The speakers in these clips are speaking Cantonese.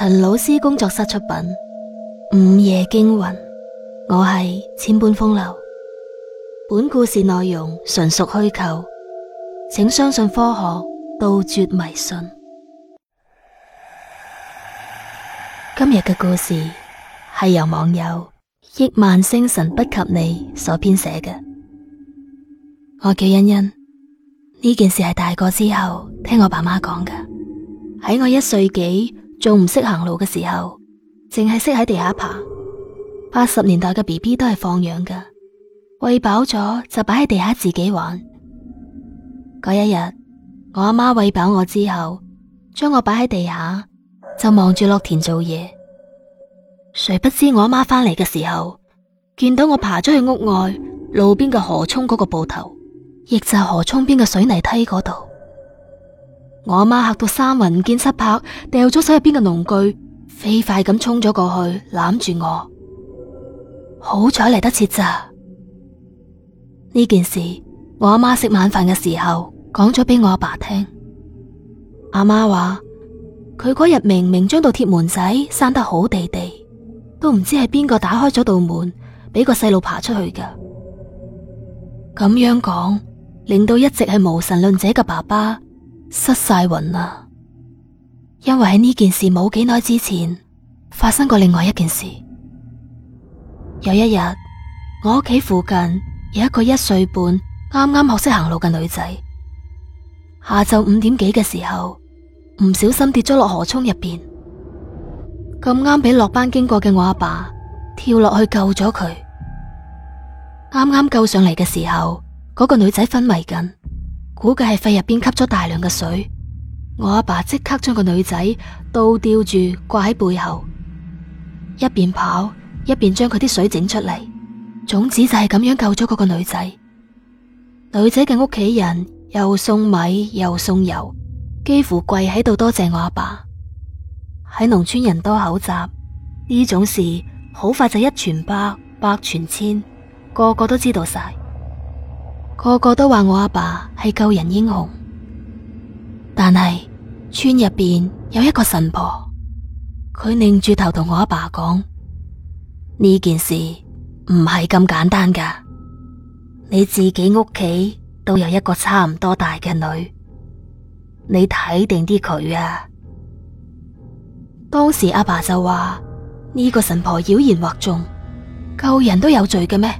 陳老師工作室出品《午夜驚魂》，我係千般風流。本故事內容純屬虛構，請相信科學，杜絕迷信。今日嘅故事係由網友億萬星辰不及你所編寫嘅。我叫欣欣，呢件事係大個之後聽我爸媽講嘅，喺我一歲幾，仲唔識行路嘅時候，淨係識喺地下爬。八十年代嘅 BB 都係放養噶，餵飽咗就擺喺地下自己玩。嗰一日，我阿媽餵飽我之後，將我擺喺地下就望住落田做嘢。誰不知我阿媽翻嚟嘅時候，見到我爬咗去屋外路邊嘅河涌嗰個埠頭，亦就係河涌邊嘅水泥梯嗰度。我阿媽嚇到三魂見七魄，掉咗手入邊嘅農具，飛快咁衝咗過去攬住我。好彩嚟得切咋。呢件事我阿媽食晚飯嘅時候講咗俾我阿爸爸聽。阿媽話佢嗰日明明將度鐵門仔閂得好地地，都唔知係邊個打開咗道門，俾個細路爬出去噶。咁樣講，令到一直係無神論者嘅爸爸。失晒魂啦！因為喺呢件事冇幾耐之前，發生過另外一件事。有一日，我屋企附近有一個一歲半啱啱學識行路嘅女仔，下晝五點幾嘅時候，唔小心跌咗落河涌入邊。咁啱俾落班經過嘅我阿爸跳落去救咗佢。啱啱救上嚟嘅時候，嗰個女仔昏迷緊。估計係肺入邊吸咗大量嘅水，我阿爸即刻將個女仔倒吊住掛喺背後，一邊跑一邊將佢啲水整出嚟，總之就係咁樣救咗嗰個女仔。女仔嘅屋企人又送米又送油，幾乎跪喺度多謝我阿爸。喺農村人多口雜，呢種事好快就一傳百，百傳千，個個都知道晒。個個都話我阿爸係救人英雄，但係村入邊有一個神婆，佢擰住頭同我阿爸講：呢件事唔係咁簡單㗎，你自己屋企都有一個差唔多大嘅女，你睇定啲佢啊！當時阿爸，爸就話：呢、這個神婆妖言惑眾，救人都有罪嘅咩？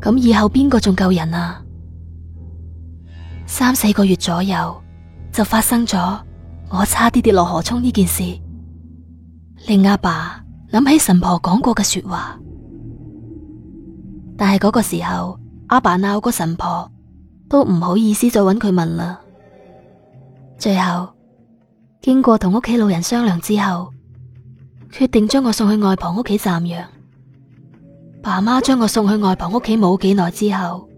咁以後邊個仲救人啊？三四個月左右就發生咗我差啲跌,跌落河涌呢件事，令阿爸諗起神婆講過嘅說話。但係嗰個時候，阿爸鬧過神婆，都唔好意思再揾佢問啦。最後經過同屋企老人商量之後，決定將我送去外婆屋企暫養。爸媽將我送去外婆屋企冇幾耐之後。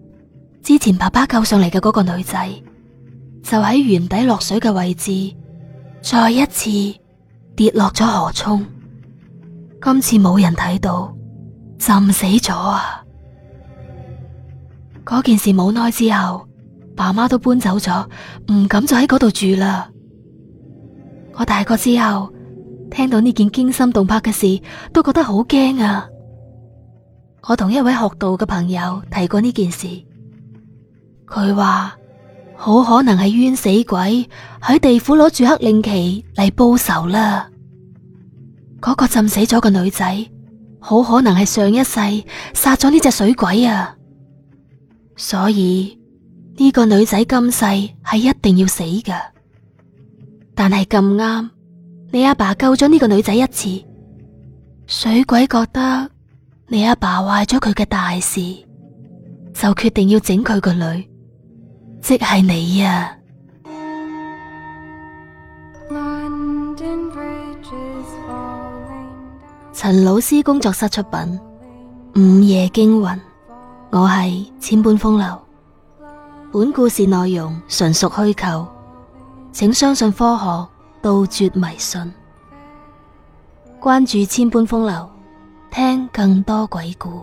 之前爸爸救上嚟嘅嗰個女仔，就喺原底落水嘅位置，再一次跌落咗河涌，今次冇人睇到，浸死咗啊！嗰件事冇耐之後，爸媽都搬走咗，唔敢再喺嗰度住啦。我大個之後，聽到呢件驚心動魄嘅事，都覺得好驚啊！我同一位學道嘅朋友提過呢件事。佢話好可能係冤死鬼喺地府攞住黑令旗嚟報仇啦。嗰個浸死咗個女仔，好可能係上一世殺咗呢隻水鬼啊。所以呢個女仔今世係一定要死㗎。但係咁啱，你阿爸救咗呢個女仔一次，水鬼覺得你阿爸壞咗佢嘅大事，就決定要整佢個女。即係你啊！陳老師工作室出品《午夜驚魂》，我係千般風流。本故事內容純屬虛構，請相信科學，杜絕迷信。關注千般風流，聽更多鬼故。